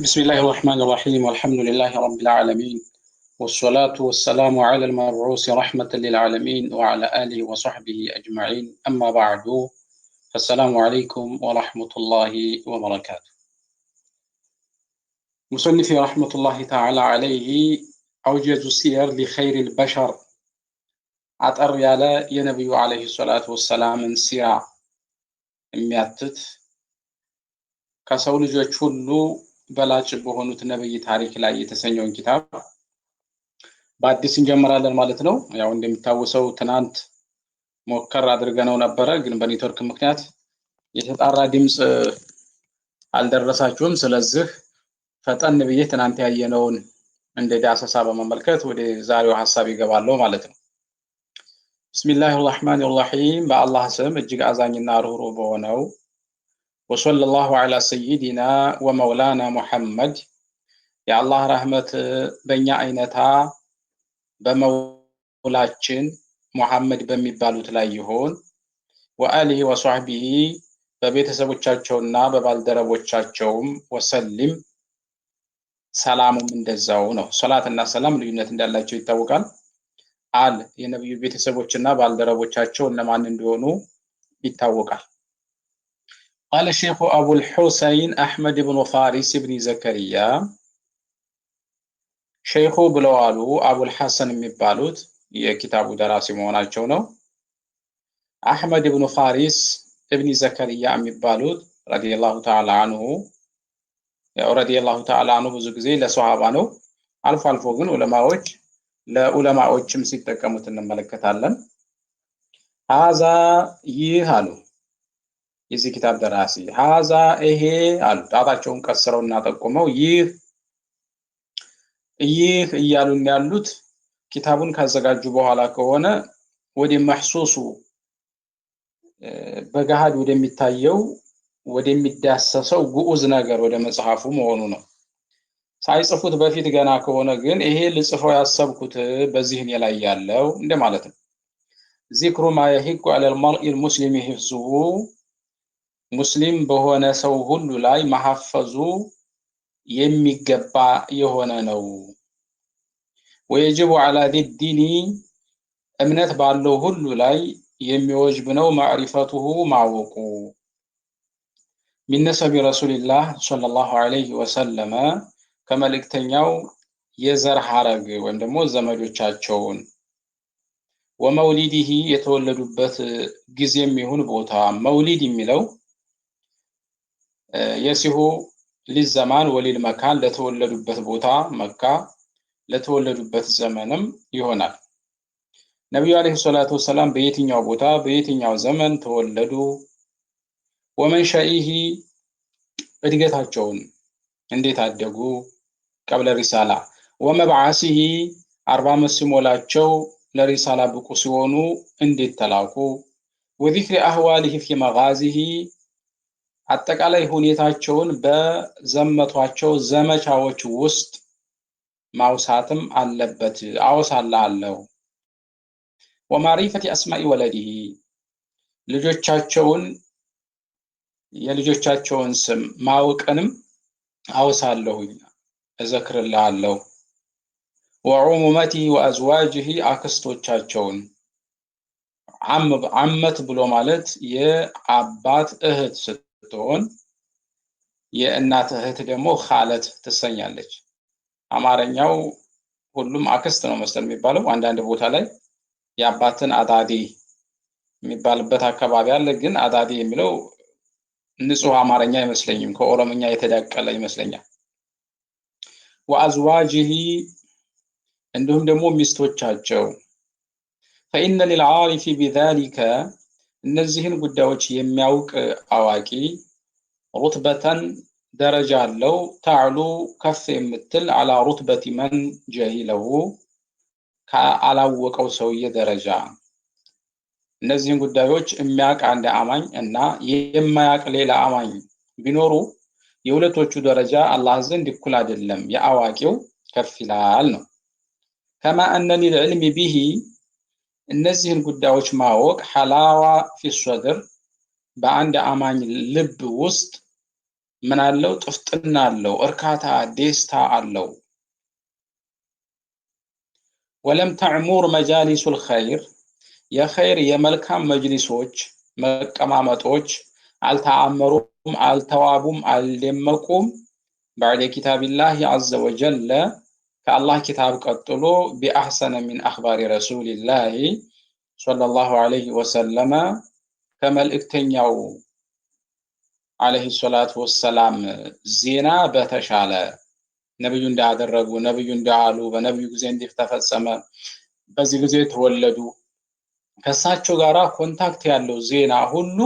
بسم الله الرحمن الرحيم والحمد لله رب العالمين والصلاة والسلام على المبعوث رحمة للعالمين وعلى آله وصحبه أجمعين أما بعد فالسلام عليكم ورحمة الله وبركاته مصنف رحمة الله تعالى عليه أوجز السير لخير البشر عطر يا نبي عليه الصلاة والسلام سيرة ميتت كسول جوج በላጭ በሆኑት ነብይ ታሪክ ላይ የተሰኘውን ኪታብ በአዲስ እንጀምራለን ማለት ነው። ያው እንደሚታወሰው ትናንት ሞከር አድርገነው ነበረ፣ ግን በኔትወርክ ምክንያት የተጣራ ድምፅ አልደረሳችሁም። ስለዚህ ፈጠን ብዬ ትናንት ያየነውን እንደ ዳሰሳ በመመልከት ወደ ዛሬው ሀሳብ ይገባለሁ ማለት ነው። ብስሚላህ ራህማን ራሒም በአላህ ስም እጅግ አዛኝና ርኅሩህ በሆነው ወሰለ ላሁ ዐላ ሰይዲና ወመውላና ሙሐመድ። የአላህ ረህመት በእኛ አይነታ በመውላችን ሙሐመድ በሚባሉት ላይ ይሆን ወአሊሂ ወሷሕቢሂ በቤተሰቦቻቸውና በባልደረቦቻቸውም ወሰሊም ሰላሙም እንደዛው ነው። ሶላት እና ሰላም ልዩነት እንዳላቸው ይታወቃል። አል የነቢዩ ቤተሰቦችና ባልደረቦቻቸው እነማን እንደሆኑ ይታወቃል። قال الشيخ أبو الحسين أحمد بن فارس بن زكريا ሸይኹ ብለዋሉ አቡል ሐሰን የሚባሉት የኪታቡ ደራሲ መሆናቸው ነው። አሕመድ እብኑ ፋሪስ እብኒ ዘከርያ የሚባሉት ረዲየላሁ ተዓላ አንሁ ያው ረዲየላሁ ተዓላ አንሁ ብዙ ጊዜ ለሰሃባ ነው። አልፎ አልፎ ግን ዑለማዎች ለዑለማዎችም ሲጠቀሙት እንመለከታለን። ሀዛ ይህ አሉ የዚህ ኪታብ ደራሲ ሀዛ ይሄ አሉ። ጣታቸውን ቀስረው እና ጠቁመው ይህ ይህ እያሉን ያሉት ኪታቡን ካዘጋጁ በኋላ ከሆነ ወደ መሕሱሱ በገሃድ ወደሚታየው ወደሚዳሰሰው ግዑዝ ነገር ወደ መጽሐፉ መሆኑ ነው። ሳይጽፉት በፊት ገና ከሆነ ግን ይሄ ልጽፈው ያሰብኩት በዚህ እኔ ላይ ያለው እንደማለት ነው። ዚክሩ ማ የሂቁ አለል መርኢ ሂፍዙሁ ሙስሊም በሆነ ሰው ሁሉ ላይ መሐፈዙ የሚገባ የሆነ ነው። ወየጅቡ አላ ዲኒ እምነት ባለው ሁሉ ላይ የሚወጅብ ነው። ማዕሪፈቱሁ ማወቁ ሚነሰቢ ረሱሊላህ ሰለላሁ አለይህ ወሰለመ ከመልእክተኛው የዘር ሐረግ ወይም ደግሞ ዘመዶቻቸውን ወመውሊዲሂ የተወለዱበት ጊዜም ይሁን ቦታ መውሊድ የሚለው የሲሁ ሊዘማን ወሊል መካን ለተወለዱበት ቦታ መካ፣ ለተወለዱበት ዘመንም ይሆናል። ነቢዩ አለይሂ ሰላቱ ወሰላም በየትኛው ቦታ በየትኛው ዘመን ተወለዱ? ወመንሻኢሂ እድገታቸውን እንዴት አደጉ? ቀብለ ሪሳላ ወመብዓሲሂ አርባ ዓመት ሲሞላቸው ለሪሳላ ብቁ ሲሆኑ እንዴት ተላኩ? ወዚክሪ አህዋሊሂ ፊ መጋዚሂ አጠቃላይ ሁኔታቸውን በዘመቷቸው ዘመቻዎች ውስጥ ማውሳትም አለበት። አለው ወማሪፈት አስማኢ ወለዲሂ ልጆቻቸውን የልጆቻቸውን ስም ማወቅንም አወሳለሁኝ እዘክርልሃለሁ። ወዑሙመቲ ወአዝዋጅሂ አክስቶቻቸውን አመት ብሎ ማለት የአባት እህት ስትሆን የእናት እህት ደግሞ ካለት ትሰኛለች። አማርኛው ሁሉም አክስት ነው መሰል የሚባለው። አንዳንድ ቦታ ላይ የአባትን አዳዲ የሚባልበት አካባቢ አለ። ግን አዳዲ የሚለው ንጹህ አማርኛ አይመስለኝም። ከኦሮምኛ የተዳቀለ ይመስለኛል። ወአዝዋጅሂ እንዲሁም ደግሞ ሚስቶቻቸው ፈኢነ ሊልዓሪፊ ቢዛሊከ እነዚህን ጉዳዮች የሚያውቅ አዋቂ ሩትበተን ደረጃ አለው። ታዕሉ ከፍ የምትል አላ ሩትበት መን ጀሂለው ከአላወቀው ሰውዬ ደረጃ። እነዚህን ጉዳዮች የሚያውቅ አንድ አማኝ እና የማያውቅ ሌላ አማኝ ቢኖሩ የሁለቶቹ ደረጃ አላህ ዘንድ እኩል አይደለም፣ የአዋቂው ከፍ ይላል ነው ከማ አነኒ ልዕልም ቢሂ እነዚህን ጉዳዮች ማወቅ ሐላዋ ፊሶድር በአንድ አማኝ ልብ ውስጥ ምናለው ጥፍጥና አለው፣ እርካታ ደስታ አለው። ወለም ተዕሙር መጃሊሱል ኸይር የኸይር የመልካም መጅሊሶች መቀማመጦች አልተአመሩም፣ አልተዋቡም፣ አልደመቁም ባዕደ ኪታቢላሂ አዘ ወጀለ ከአላህ ኪታብ ቀጥሎ ቢአሕሰነ ሚን አኽባሪ ረሱሊላሂ ሰለላሁ ዐለይሂ ወሰለመ ከመልእክተኛው ዐለይሂ ሰላቱ ወሰላም ዜና በተሻለ ነብዩ እንዳደረጉ ነብዩ እንዳሉ በነብዩ ጊዜ እንዲህ ተፈጸመ፣ በዚህ ጊዜ ተወለዱ፣ ከእሳቸው ጋር ኮንታክት ያለው ዜና ሁሉ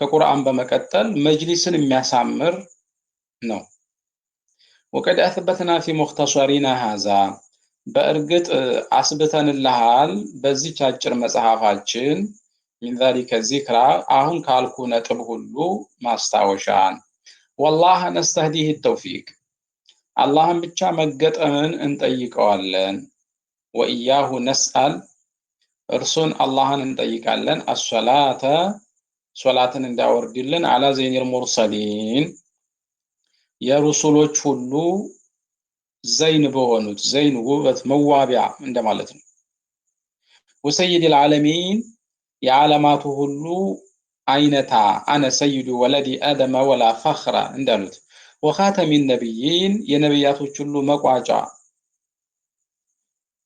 ከቁርአን በመቀጠል መጅሊስን የሚያሳምር ነው። ወቀድ አትበትና ፊ ሙክተሰሪና ሃዛ በእርግጥ አስብተንልሃል በዚች አጭር መጽሐፋችን ሚን ዛሊከ ዚክራ አሁን ካልኩ ነጥብ ሁሉ ማስታወሻን ወላህ ነስተህዲህ ተውፊቅ አላህን ብቻ መገጠምን እንጠይቀዋለን። ወኢያሁ ነስአል እርሱን አላህን እንጠይቃለን። አሶላተ ሶላትን እንዲያወርድልን አላ ዘይኒል ሙርሰሊን يا رسول الله زين بغنوت زين وغبت موابع من دمالتن وسيد العالمين يا علامات هلو عينتا أنا سيد ولدي آدم ولا فخرة اندالوت وخاتم النبيين يا نبيات هلو مقواجع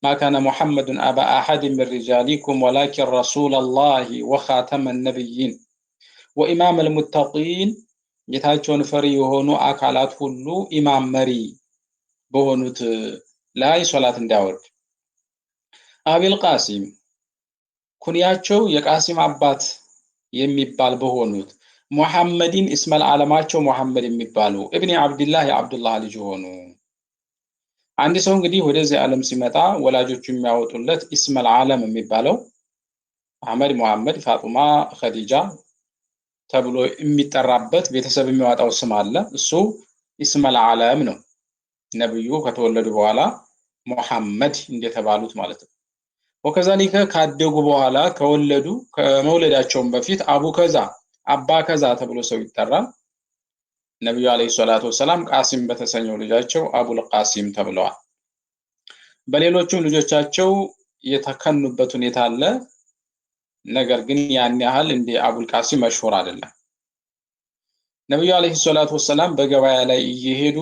ما كان محمد أبا أحد من رجالكم ولكن رسول الله وخاتم النبيين وإمام المتقين ጌታቸውን ፈሪ የሆኑ አካላት ሁሉ ኢማም መሪ በሆኑት ላይ ሶላት እንዳያወርድ። አቢል ቃሲም ኩንያቸው የቃሲም አባት የሚባል በሆኑት ሙሐመድን እስመል ዓለማቸው ሙሐመድ የሚባሉ እብኒ አብድላህ የአብዱላህ ልጅ ሆኑ። አንድ ሰው እንግዲህ ወደዚህ ዓለም ሲመጣ ወላጆቹ የሚያወጡለት እስመል ዓለም የሚባለው አህመድ፣ ሙሐመድ፣ ፋጡማ፣ ኸዲጃ ተብሎ የሚጠራበት ቤተሰብ የሚያወጣው ስም አለ። እሱ ኢስመል ዓለም ነው። ነብዩ ከተወለዱ በኋላ ሙሐመድ እንደተባሉት ማለት ነው። ወከዛሊከ ካደጉ በኋላ ከወለዱ ከመውለዳቸውም በፊት አቡ ከዛ አባ ከዛ ተብሎ ሰው ይጠራል። ነቢዩ ዓለይሂ ሰላቱ ወሰላም ቃሲም በተሰኘው ልጃቸው አቡል ቃሲም ተብለዋል። በሌሎችም ልጆቻቸው የተከኑበት ሁኔታ አለ። ነገር ግን ያን ያህል እንደ አቡልቃሲም መሽሁር አይደለም። ነቢዩ አለይሂ ሰላቱ ወሰላም በገበያ ላይ እየሄዱ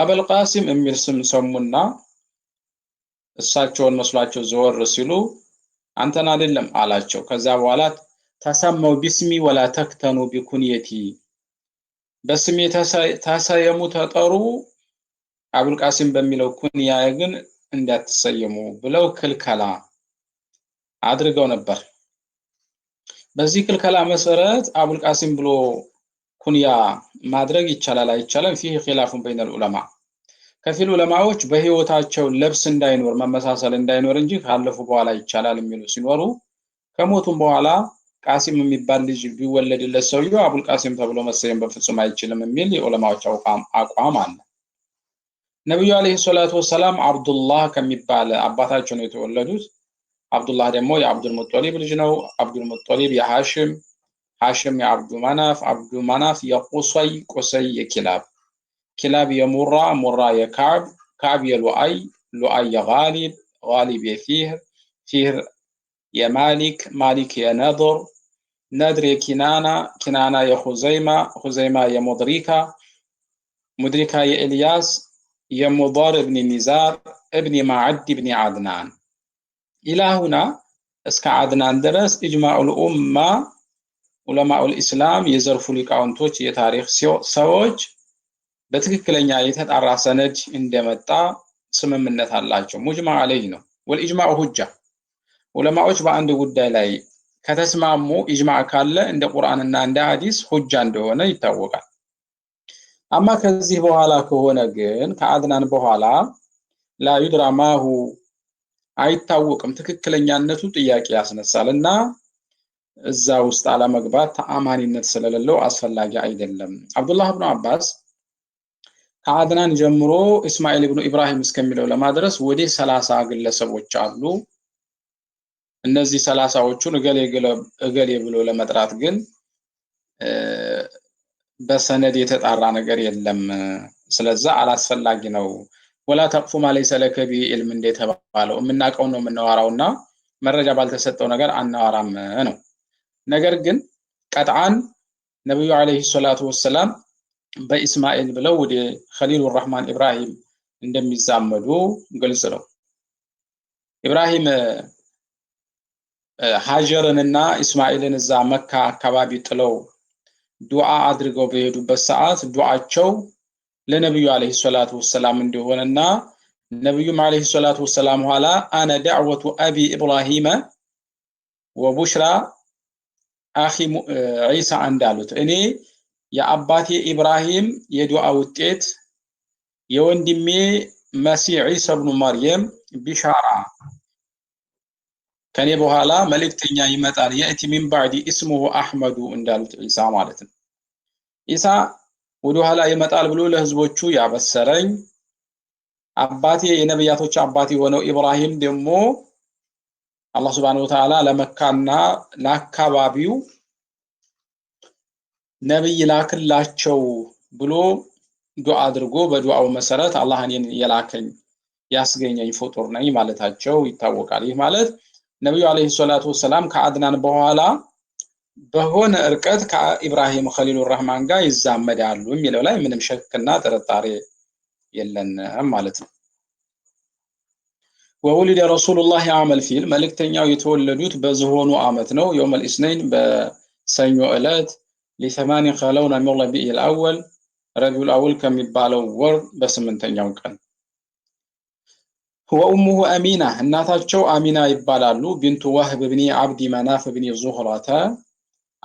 አቡልቃሲም የሚል ስም ሰሙና እሳቸውን መስሏቸው ዘወር ሲሉ አንተን አይደለም አላቸው። ከዛ በኋላ ተሰመው ቢስሚ ወላ ተክተኑ ቢኩንየቲ በስሜ ተሰየሙ ተጠሩ፣ አቡልቃሲም በሚለው ኩንያ ግን እንዳትሰየሙ ብለው ክልከላ አድርገው ነበር። በዚህ ክልከላ መሰረት አቡል ቃሲም ብሎ ኩንያ ማድረግ ይቻላል አይቻለም ፊህ ኺላፉን በይነል ዑለማ ከፊል ዑለማዎች በህይወታቸው ለብስ እንዳይኖር መመሳሰል እንዳይኖር እንጂ ካለፉ በኋላ ይቻላል የሚሉ ሲኖሩ ከሞቱም በኋላ ቃሲም የሚባል ልጅ ቢወለድለት ሰውየው አቡል ቃሲም ተብሎ መሰየም በፍጹም አይችልም የሚል የዑለማዎች አቋም አለ። ነቢዩ አለይሂ ሰላቱ ወሰላም አብዱላህ ከሚባል አባታቸው ነው የተወለዱት። عبد الله دمو يا عبد المطلب الجنو عبد المطلب يا هاشم هاشم يا عبد مناف عبد مناف يا قصي قصي يا كلاب كلاب يا مرة مرة يا كعب كعب يا لؤي لؤي يا غالب غالب يا فيهر فيهر يا مالك مالك يا نضر نادر يا كنانة كنانة يا خزيمة خزيمة يا مدركة مدركة يا إلياس يا مضار ابن نزار ابن معد ابن عدنان ኢላሁና እስከ አድናን ድረስ ኢጅማዑል ኡማ ዑለማኡል ኢስላም የዘርፉ ሊቃውንቶች የታሪክ ሰዎች በትክክለኛ የተጣራ ሰነድ እንደመጣ ስምምነት አላቸው። ሙጅማ አለይ ነው። ወልኢጅማኡ ሁጃ ዑለማዎች በአንድ ጉዳይ ላይ ከተስማሙ ኢጅማዕ ካለ እንደ ቁርአንና እንደ ሀዲስ ሁጃ እንደሆነ ይታወቃል። አማ ከዚህ በኋላ ከሆነ ግን ከአድናን በኋላ ላዩድራማሁ አይታወቅም። ትክክለኛነቱ ጥያቄ ያስነሳል እና እዛ ውስጥ አለመግባት ተአማኒነት ስለሌለው አስፈላጊ አይደለም። አብዱላህ ብኑ አባስ ከአድናን ጀምሮ እስማኤል ብኑ ኢብራሂም እስከሚለው ለማድረስ ወደ ሰላሳ ግለሰቦች አሉ። እነዚህ ሰላሳዎቹን እገሌ ብሎ ለመጥራት ግን በሰነድ የተጣራ ነገር የለም። ስለዛ አላስፈላጊ ነው። ወላ ተቅፉ ማለይሰ ለከ ቢሂ ዒልም እንደተባለው የምናውቀውን ነው የምናወራው እና መረጃ ባልተሰጠው ነገር አናወራም ነው። ነገር ግን ቀጥዓን ነቢዩ ዓለይሂ ሰላቱ ወሰላም በኢስማኤል ብለው ወደ ከሊሉ ራህማን ኢብራሂም እንደሚዛመዱ ግልጽ ነው። ኢብራሂም ሀጀርንና ኢስማኤልን እዛ መካ አካባቢ ጥለው ዱዓ አድርገው በሄዱበት ሰዓት ዱዓቸው ለነቢዩ አለይሂ ሰላቱ ወሰላም እንደሆነና ነቢዩም አለይሂ ሰላቱ ወሰላም ኋላ አነ ዳዕወቱ አቢ ኢብራሂመ ወቡሽራ አኺ ዒሳ እንዳሉት እኔ የአባቴ ኢብራሂም የዱዓ ውጤት የወንድሜ መሲህ ዒሳ ብኑ መርየም ቢሻራ ከኔ በኋላ መልእክተኛ ይመጣል የእቲ ሚን ባዕዲ እስሙሁ አሕመዱ እንዳሉት ዒሳ ማለት ነው ዒሳ ወደ ኋላ ይመጣል ብሎ ለህዝቦቹ ያበሰረኝ አባቴ የነብያቶች አባት የሆነው ኢብራሂም ደግሞ አላህ ሱብሃነሁ ወተዓላ ለመካና ለአካባቢው ነብይ ላክላቸው ብሎ ዱዓ አድርጎ በዱዓው መሰረት አላህ እኔን የላከኝ ያስገኘኝ ፍጡር ነኝ ማለታቸው ይታወቃል። ይህ ማለት ነብዩ አለይሂ ሰላቱ ወሰላም ከአድናን በኋላ በሆነ እርቀት ከኢብራሂም ከሊሉ ራህማን ጋር ይዛመዳሉ የሚለው ላይ ምንም ሸክና ጥርጣሬ የለንም ማለት ነው። ወውሊደ ረሱሉላህ አመል ፊል መልእክተኛው የተወለዱት በዝሆኑ አመት ነው። የውመል ኢስነይን በሰኞ ዕለት ሊሰማኒ ከለውና ሚን ረቢዕል አወል ረቢዑል አወል ከሚባለው ወር በስምንተኛው ቀን ወኡሙሁ አሚና እናታቸው አሚና ይባላሉ። ቢንቱ ዋህብ ብኒ አብዲ መናፍ ብኒ ዙህራተ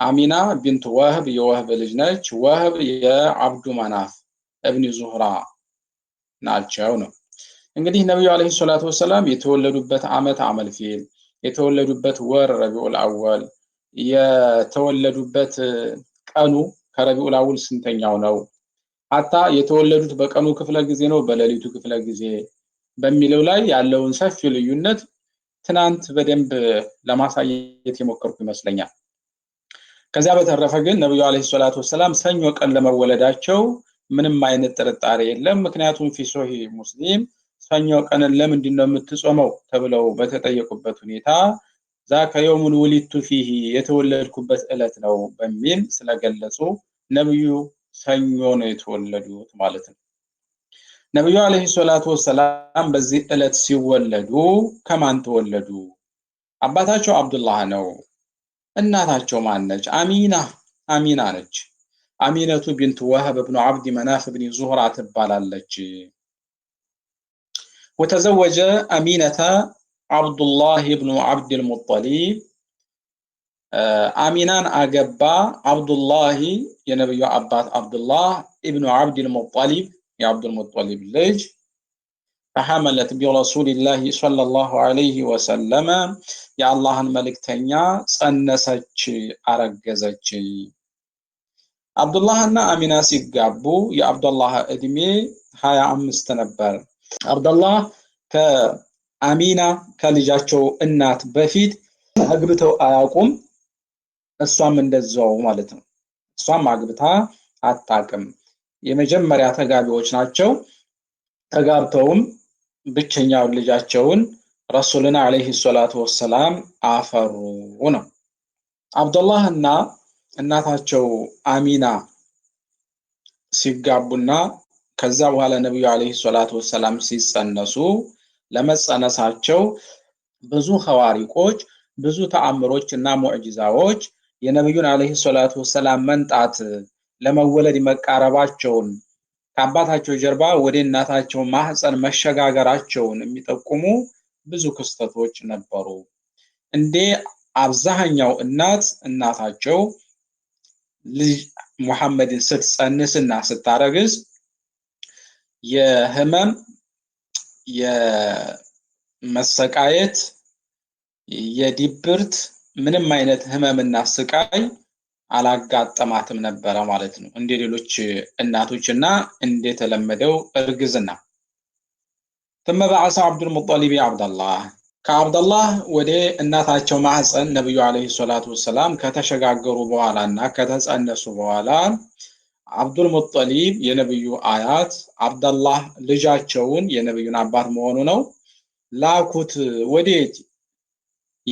አሚና ቢንቱ ወህብ የወህብ ልጅ ነች። ወህብ የአብዱ መናፍ እብኒ ዙህራ ናቸው ነው። እንግዲህ ነቢዩ ዓለይሂ ሰላቱ ወሰላም የተወለዱበት ዓመት አመል የተወለዱበት ወር ረቢዑል አወል፣ የተወለዱበት ቀኑ ከረቢዑል አወል ስንተኛው ነው፣ ሀታ የተወለዱት በቀኑ ክፍለ ጊዜ ነው በሌሊቱ ክፍለ ጊዜ በሚለው ላይ ያለውን ሰፊ ልዩነት ትናንት በደንብ ለማሳየት የሞከርኩ ይመስለኛል። ከዚያ በተረፈ ግን ነቢዩ አለ ሰላት ወሰላም ሰኞ ቀን ለመወለዳቸው ምንም አይነት ጥርጣሬ የለም። ምክንያቱም ፊሶሂ ሙስሊም ሰኞ ቀንን ለምንድን ነው የምትጾመው ተብለው በተጠየቁበት ሁኔታ ዛ ከየውሙን ውሊቱ ፊሂ የተወለድኩበት ዕለት ነው በሚል ስለገለጹ ነቢዩ ሰኞ ነው የተወለዱት ማለት ነው። ነቢዩ አለይሂ ሰላቱ ወሰላም በዚህ እለት ሲወለዱ ከማን ተወለዱ? አባታቸው አብዱላህ ነው። እናታቸው ማን ነች? አሚና አሚና ነች። አሚነቱ ቢንት ወህብ ብኑ አብድ መናፍ ብኒ ዙህራ ትባላለች። ወተዘወጀ አሚነተ አብዱላህ ብኑ አብድልሙጠሊብ አሚናን አገባ። አብዱላህ የነብዩ አባት አብዱላህ ኢብኑ አብድልሙጠሊብ የአብዱልሙጠሊብ ልጅ ፈሐመለት ቢረሱሊላሂ ሶለላሁ አለይህ ወሰለመ የአላህን መልእክተኛ ጸነሰች፣ አረገዘች። አብዱላህና አሚና ሲጋቡ የአብዱላህ እድሜ ሀያ አምስት ነበር። አብዱላህ ከአሚና ከልጃቸው እናት በፊት አግብተው አያውቁም። እሷም እንደዛው ማለት ነው። እሷም አግብታ አታውቅም። የመጀመሪያ ተጋቢዎች ናቸው። ተጋብተውም ብቸኛውን ልጃቸውን ረሱልና አለይሂ ሰላቱ ወሰላም አፈሩ ነው። አብዱላህ እና እናታቸው አሚና ሲጋቡና ከዛ በኋላ ነቢዩ አለይሂ ሰላቱ ወሰላም ሲጸነሱ ለመጸነሳቸው ብዙ ኸዋሪቆች ብዙ ተአምሮች እና ሙዕጂዛዎች የነቢዩን አለይሂ ሰላቱ ወሰላም መንጣት ለመወለድ መቃረባቸውን ከአባታቸው ጀርባ ወደ እናታቸው ማህፀን መሸጋገራቸውን የሚጠቁሙ ብዙ ክስተቶች ነበሩ። እንደ አብዛኛው እናት እናታቸው ልጅ ሙሐመድን ስትጸንስና ስታረግዝ የህመም የመሰቃየት የድብርት ምንም አይነት ህመምና ስቃይ አላጋጠማትም ነበረ ማለት ነው። እንደ ሌሎች እናቶች እና እንደተለመደው እርግዝና ተመባዕሳ አብዱል ሙጠሊብ አብደላህ ከአብደላህ ወደ እናታቸው ማህፀን ነብዩ አለይሂ ሰላቱ ወሰላም ከተሸጋገሩ በኋላ እና ከተጸነሱ በኋላ አብዱል ሙጠሊብ የነብዩ አያት አብደላህ ልጃቸውን የነብዩን አባት መሆኑ ነው ላኩት ወዴት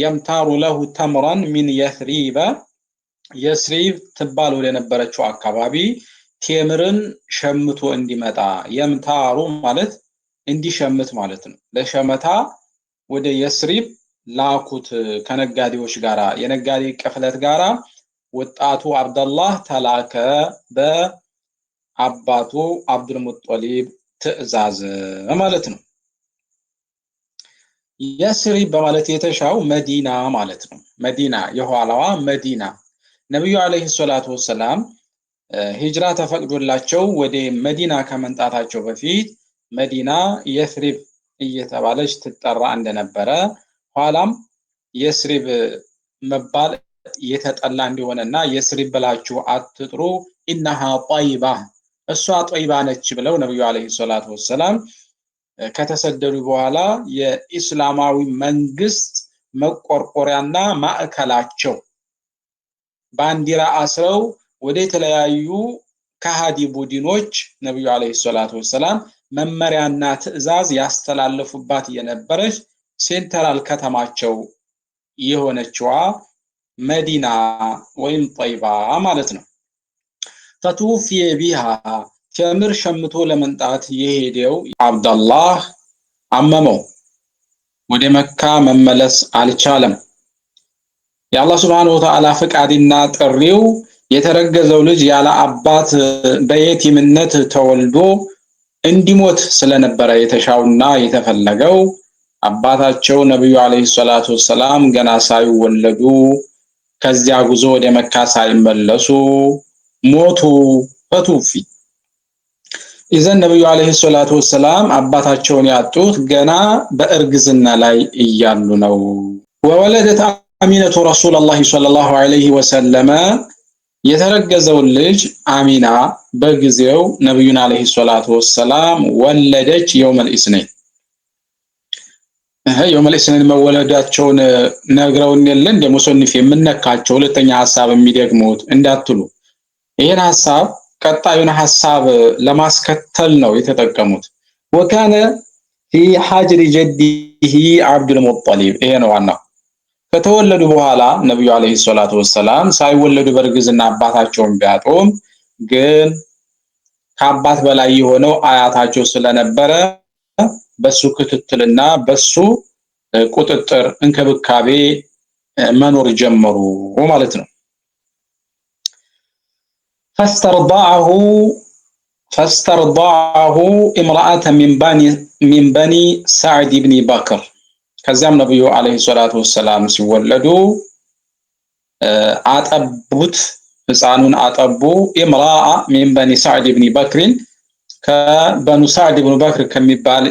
የምታሩ ለሁ ተምረን ሚን የስሪበ የስሪብ ትባል ወደ ነበረችው አካባቢ ቴምርን ሸምቶ እንዲመጣ የምታሩ ማለት እንዲሸምት ማለት ነው። ለሸመታ ወደ የስሪብ ላኩት ከነጋዴዎች ጋራ የነጋዴ ቅፍለት ጋር ወጣቱ አብደላህ ተላከ በአባቱ አብዱልሙጠሊብ ትዕዛዝ ማለት ነው። የስሪብ በማለት የተሻው መዲና ማለት ነው። መዲና የኋላዋ መዲና ነቢዩ አለይሂ ሰላቱ ወሰላም ሂጅራ ተፈቅዶላቸው ወደ መዲና ከመንጣታቸው በፊት መዲና የስሪብ እየተባለች ትጠራ እንደነበረ ኋላም የስሪብ መባል የተጠላ እንደሆነና የስሪብ ብላችሁ አትጥሩ ኢነሃ ጧይባ እሷ ጧይባ ነች ብለው ነቢዩ አለይሂ ሰላቱ ወሰላም ከተሰደዱ በኋላ የኢስላማዊ መንግስት መቆርቆሪያና ማዕከላቸው ባንዲራ አስረው ወደ ተለያዩ ከሃዲ ቡድኖች ነብዩ አለይሂ ሰላቱ ወሰላም መመሪያና ትዕዛዝ ያስተላለፉባት የነበረች ሴንትራል ከተማቸው የሆነችዋ መዲና ወይም ጠይባ ማለት ነው። ፈቱፊየ ቢሃ ቴምር ሸምቶ ለመንጣት የሄደው አብደላህ አመመው፣ ወደ መካ መመለስ አልቻለም። የአላህ ስብሐነሁ ወተዓላ ፍቃድና ጥሪው የተረገዘው ልጅ ያለ አባት በየቲምነት ተወልዶ እንዲሞት ስለነበረ የተሻውና የተፈለገው አባታቸው ነብዩ አለይሂ ሰላቱ ወሰላም ገና ሳይወለዱ ከዚያ ጉዞ ወደ መካ ሳይመለሱ ሞቱ። ፈቱፊ ይዘን ነብዩ አለይሂ ሰላቱ ወሰላም አባታቸውን ያጡት ገና በእርግዝና ላይ እያሉ ነው። ወወለደት አሚነቱ ረሱላላሂ ሰለላሁ ዐለይሂ ወሰለመ የተረገዘውን ልጅ አሚና በጊዜው ነቢዩን ዐለይሂ ሰላቱ ወሰላም ወለደች። የውመል ኢስነይን የውመል ኢስነይን መወለዳቸውን ነግረውን የለ እንደ ሙሰኒፍ የምነካቸው ሁለተኛ ሐሳብ የሚደግሙት እንዳትሉ፣ ይህን ሐሳብ ቀጣዩን ሐሳብ ለማስከተል ነው የተጠቀሙት። ወካነ ፊ ሐጅሪ ጀዲሂ አብዱል ሙጠሊብ ይሄ ነው ዋናው ከተወለዱ በኋላ ነቢዩ አለይሂ ሰላቱ ወሰላም ሳይወለዱ በእርግዝና አባታቸውን ቢያጡም ግን ከአባት በላይ የሆነው አያታቸው ስለነበረ በሱ ክትትልና በሱ ቁጥጥር እንክብካቤ መኖር ጀመሩ ማለት ነው። ፈስተርዳሁ ፈስተርዳሁ ኢምራአተ ሚን በኒ ሳዕድ ብኒ በክር ከዚያም ነብዩ አለይሂ ሰላቱ ወሰላም ሲወለዱ አጠቡት፣ ህፃኑን አጠቡ። ኢምራአ ሚን በኒ ሳዕድ ብኒ በክሪን ከበኑ ሳዕድ ብኑ በክር ከሚባል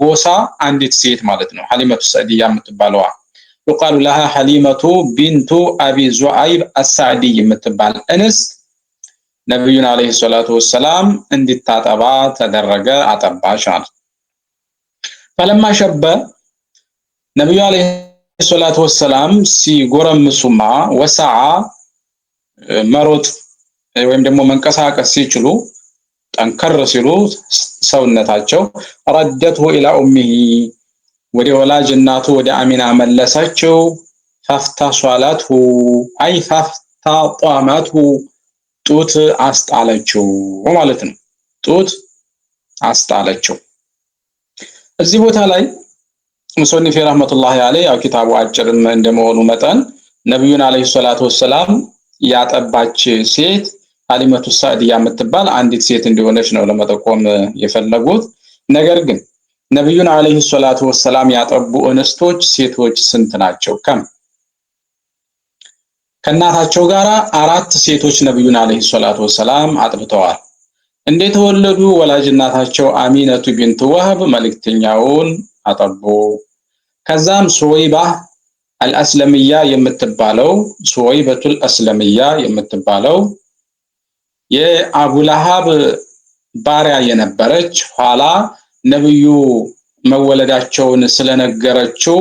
ጎሳ አንዲት ሴት ማለት ነው። ሐሊመቱ ሰዕድያ የምትባለዋ ዩቃሉ ለሃ ሐሊመቱ ቢንቱ አቢ ዙዓይብ አሳዕዲ የምትባል እንስት ነቢዩን አለይሂ ሰላቱ ወሰላም እንዲታጠባ ተደረገ። አጠባሽ አለ ፈለማ ሸበ ነቢዩ አለይሂ ሰላቱ ወሰላም ሲጎረምሱማ ወሰዓ መሮጥ ወይም ደግሞ መንቀሳቀስ ሲችሉ ጠንከር ሲሉ ሰውነታቸው ረደትሁ ኢላ ኡሚሂ ወደ ወላጅ እናቱ ወደ አሚና መለሰችው። ፈፍታ ሷላትሁ አይ ፋፍታ ጧማትሁ ጡት አስጣለችው ማለት ነው። ጡት አስጣለችው እዚህ ቦታ ላይ ሙሰኒፍ ረህመቱላሂ አለይህ ያው ኪታቡ አጭርም እንደመሆኑ መጠን ነቢዩን አለይሂ ሰላቱ ወሰላም ያጠባች ሴት ሀሊመቱ ሳዕዲያ የምትባል አንዲት ሴት እንደሆነች ነው ለመጠቆም የፈለጉት። ነገር ግን ነቢዩን አለይሂ ሰላቱ ወሰላም ያጠቡ እንስቶች ሴቶች ስንት ናቸው? ከም ከእናታቸው ጋር አራት ሴቶች ነቢዩን አለይሂ ሰላቱ ወሰላም አጥብተዋል። እንደተወለዱ ወላጅ እናታቸው አሚነቱ ቢንት ወህብ መልእክተኛውን አጠቡ። ከዛም ሱወይባ አልአስለምያ የምትባለው ሱወይበቱል አስለምያ የምትባለው የአቡላሃብ ባሪያ የነበረች ኋላ ነብዩ መወለዳቸውን ስለነገረችው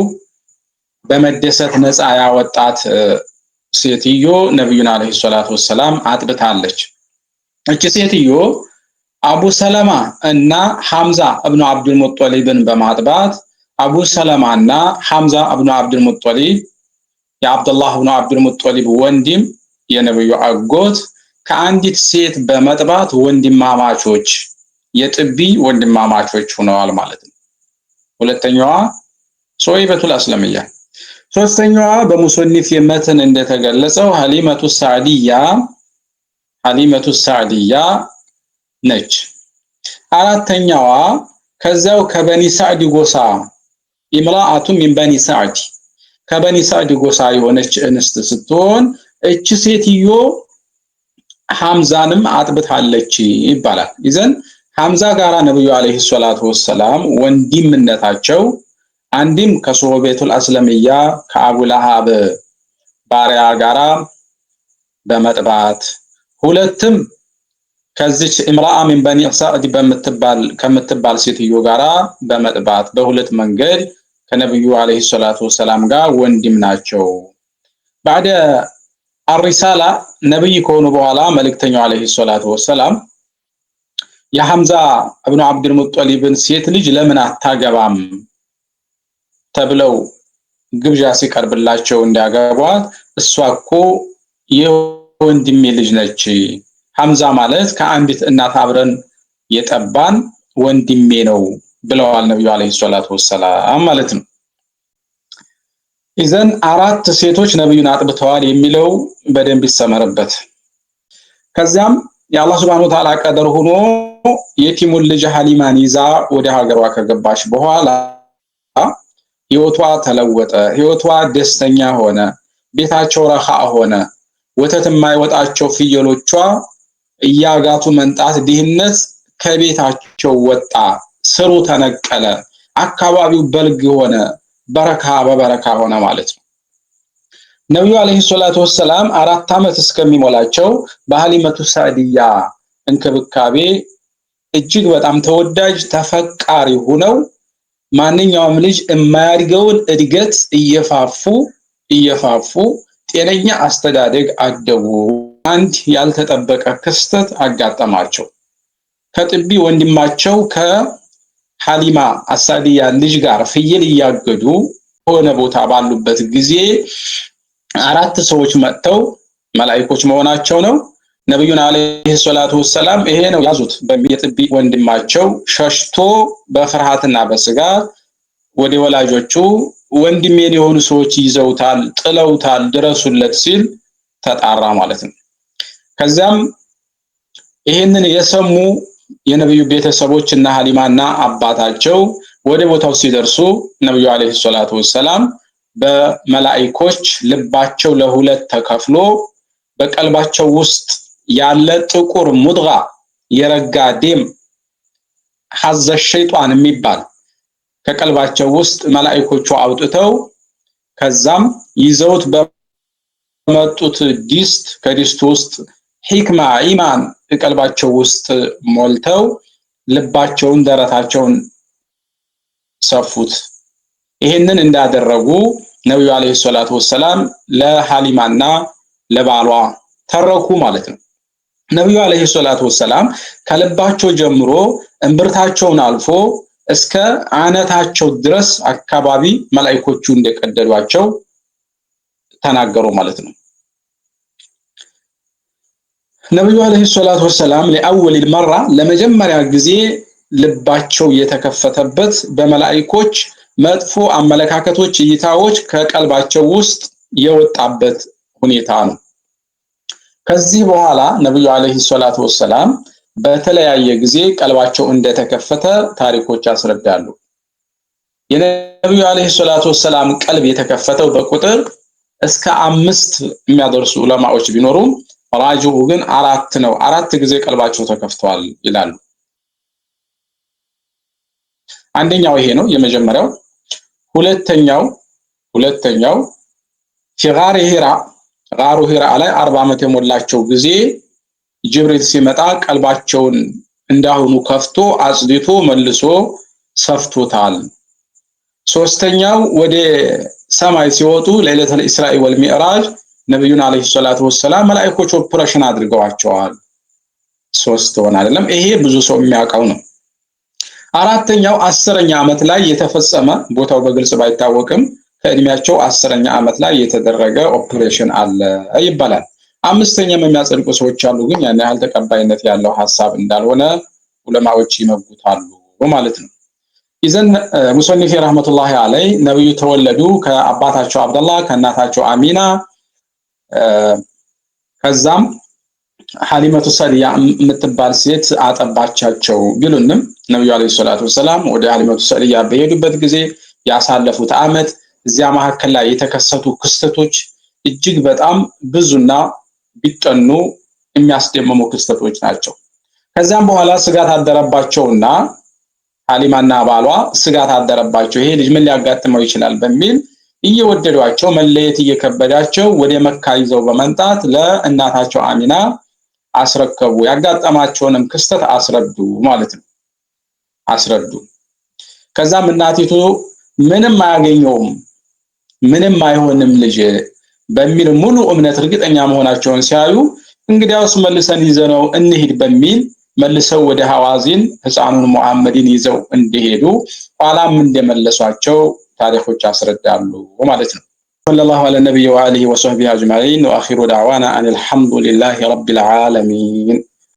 በመደሰት ነፃ ያወጣት ሴትዮ ነብዩን አለይሂ ሰላቱ ወሰላም አጥብታለች። እቺ ሴትዮ አቡ ሰለማ እና ሐምዛ እብኑ አብዱል ሙጠሊብን በማጥባት አቡ ሰለማ እና ሐምዛ እብኑ አብዱል ሙጠሊብ የአብዱላህ እብኑ አብዱል ሙጠሊብ ወንድም የነብዩ አጎት ከአንዲት ሴት በመጥባት ወንድማማቾች የጥቢ ወንድማማቾች ሆነዋል ማለት ነው። ሁለተኛዋ ሶይበቱል አስለምያ፣ ሶስተኛዋ በሙሰኒፍ የመትን እንደተገለጸው ሐሊመቱ ሳዕዲያ ሐሊመቱ ሳዕዲያ ነች። አራተኛዋ ከዚያው ከበኒ ሳዕድ ጎሳ ኢምራአቱ ሚን በኒ ሳዕድ ከበኒ ሳዕድ ጎሳ የሆነች እንስት ስትሆን እች ሴትዮ ሐምዛንም አጥብታለች ይባላል። ይዘን ሐምዛ ጋራ ነብዩ አለይሂ ሰላቱ ወሰላም ወንድምነታቸው አንድም ከሶህቤቱል አስለምያ ከአቡላሃብ ባሪያ ጋራ በመጥባት ሁለትም ከዚች እምራአ ሚን በኒ ሳዕድ ከምትባል ሴትዮ ጋራ በመጥባት በሁለት መንገድ ከነብዩ አለይሂ ሰላቱ ወሰላም ጋር ወንድም ናቸው። ባዕደ አሪሳላ ነብይ ከሆኑ በኋላ መልእክተኛው አለይሂ ሰላቱ ወሰላም የሐምዛ እብኑ አብዱል ሙጠሊብን ሴት ልጅ ለምን አታገባም ተብለው ግብዣ ሲቀርብላቸው እንዲያገቧት እሷ እኮ የወንድሜ ልጅ ነች ሐምዛ ማለት ከአንዲት እናት አብረን የጠባን ወንድሜ ነው ብለዋል ነቢዩ አለይሂ ሰላቱ ወሰላም ማለት ነው። ኢዘን አራት ሴቶች ነቢዩን አጥብተዋል የሚለው በደንብ ይሰመርበት። ከዚያም የአላህ ሱብሐነሁ ወተዓላ ቀደር ሆኖ የቲሙን ልጅ ሀሊማን ይዛ ወደ ሀገሯ ከገባች በኋላ ህይወቷ ተለወጠ። ህይወቷ ደስተኛ ሆነ። ቤታቸው ረሃ ሆነ። ወተት የማይወጣቸው ፍየሎቿ እያጋቱ መንጣት ድህነት ከቤታቸው ወጣ፣ ስሩ ተነቀለ፣ አካባቢው በልግ ሆነ፣ በረካ በበረካ ሆነ ማለት ነው። ነቢዩ አለይሂ ሰላቱ ወሰላም አራት ዓመት እስከሚሞላቸው በሀሊመቱ ሳዕዲያ እንክብካቤ እጅግ በጣም ተወዳጅ ተፈቃሪ ሆነው ማንኛውም ልጅ የማያድገውን እድገት እየፋፉ እየፋፉ ጤነኛ አስተዳደግ አደጉ። አንድ ያልተጠበቀ ክስተት አጋጠማቸው። ከጥቢ ወንድማቸው ከሐሊማ አሳዲያ ልጅ ጋር ፍየል እያገዱ ሆነ ቦታ ባሉበት ጊዜ አራት ሰዎች መጥተው መላኢኮች መሆናቸው ነው። ነቢዩን አለይሂ ሰላቱ ወሰላም ይሄ ነው ያዙት በሚል የጥቢ ወንድማቸው ሸሽቶ በፍርሃትና በስጋት ወደ ወላጆቹ ወንድሜን የሆኑ ሰዎች ይዘውታል፣ ጥለውታል፣ ድረሱለት ሲል ተጣራ ማለት ነው። ከዚያም ይህንን የሰሙ የነብዩ ቤተሰቦች እና ሀሊማና አባታቸው ወደ ቦታው ሲደርሱ ነብዩ አለይሂ ሰላቱ ወሰላም በመላእኮች ልባቸው ለሁለት ተከፍሎ በቀልባቸው ውስጥ ያለ ጥቁር ሙድጋ የረጋ ዴም ሐዘ ሸይጣን የሚባል ከቀልባቸው ውስጥ መላእኮቹ አውጥተው ከዛም ይዘውት በመጡት ዲስት ከዲስቱ ውስጥ ሂክማ ኢማን ቀልባቸው ውስጥ ሞልተው ልባቸውን ደረታቸውን ሰፉት። ይህንን እንዳደረጉ ነቢዩ አለይሂ ሰላቱ ወሰላም ለሃሊማና ለባሏ ተረኩ ማለት ነው። ነቢዩ አለይሂ ሰላቱ ወሰላም ከልባቸው ጀምሮ እምብርታቸውን አልፎ እስከ አነታቸው ድረስ አካባቢ መላእክቶቹ እንደቀደዷቸው ተናገሩ ማለት ነው። ነብዩ አለይሂ ሰላቱ ወሰላም ለአወል መራ ለመጀመሪያ ጊዜ ልባቸው የተከፈተበት በመላይኮች መጥፎ አመለካከቶች፣ እይታዎች ከቀልባቸው ውስጥ የወጣበት ሁኔታ ነው። ከዚህ በኋላ ነብዩ አለይሂ ሰላቱ ወሰላም በተለያየ ጊዜ ቀልባቸው እንደተከፈተ ታሪኮች ያስረዳሉ። የነብዩ አለይሂ ሰላቱ ወሰላም ቀልብ የተከፈተው በቁጥር እስከ አምስት የሚያደርሱ ዑለማዎች ቢኖሩም ራጅኡ ግን አራት ነው። አራት ጊዜ ቀልባቸው ተከፍቷል ይላሉ። አንደኛው ይሄ ነው የመጀመሪያው። ሁለተኛው ሁለተኛው ፊጋር ሂራ ጋሩ ሂራ ላይ አርባ ዓመት የሞላቸው ጊዜ ጅብሪል ሲመጣ ቀልባቸውን እንዳሁኑ ከፍቶ አጽድቶ መልሶ ሰፍቶታል። ሶስተኛው ወደ ሰማይ ሲወጡ ለይለተል ኢስራኢ ወል ሚዕራጅ ነቢዩን አለይሂ ሰላቱ ወሰላም መላእኮች ኦፕሬሽን አድርገዋቸዋል። ሶስት ሆነ አይደለም። ይሄ ብዙ ሰው የሚያውቀው ነው። አራተኛው አስረኛ ዓመት ላይ የተፈጸመ ቦታው በግልጽ ባይታወቅም ከእድሜያቸው አስረኛ ዓመት ላይ የተደረገ ኦፕሬሽን አለ ይባላል። አምስተኛም የሚያጸድቁ ሰዎች አሉ፣ ግን ያን ያህል ተቀባይነት ያለው ሀሳብ እንዳልሆነ ዑለማዎች ይመጉታሉ ማለት ነው። ይዘን ሙሰኒፌ ረህመቱላሂ አለይ ነብዩ ተወለዱ ከአባታቸው አብደላህ ከእናታቸው አሚና ከዛም ሐሊመቱ ሰልያ የምትባል ሴት አጠባቻቸው ቢሉንም ነቢዩ ዓለይሂ ሰላቱ ወሰላም ወደ ሐሊመቱ ሰልያ በሄዱበት ጊዜ ያሳለፉት ዓመት እዚያ መካከል ላይ የተከሰቱ ክስተቶች እጅግ በጣም ብዙና ቢጠኑ የሚያስደምሙ ክስተቶች ናቸው። ከዚያም በኋላ ስጋት አደረባቸውና ሐሊማና ባሏ ስጋት አደረባቸው። ይሄ ልጅ ምን ሊያጋጥመው ይችላል በሚል እየወደዷቸው መለየት እየከበዳቸው ወደ መካ ይዘው በመምጣት ለእናታቸው አሚና አስረከቡ። ያጋጠማቸውንም ክስተት አስረዱ ማለት ነው። አስረዱ። ከዛም እናቲቱ ምንም አያገኘውም፣ ምንም አይሆንም ልጅ በሚል ሙሉ እምነት እርግጠኛ መሆናቸውን ሲያዩ እንግዲያውስ መልሰን ይዘነው እንሂድ በሚል መልሰው ወደ ሐዋዚን ህፃኑን ሙሐመድን ይዘው እንደሄዱ ኋላም እንደመለሷቸው ታሪኮች ያስረዳሉ ማለት ነው። ሰለላሁ ዐለ ነቢይ ወአሊሂ ወሰሕቢሂ አጅማዒን ወአኺሩ ዳዕዋና አን አልሐምዱሊላሂ ረቢል ዓለሚን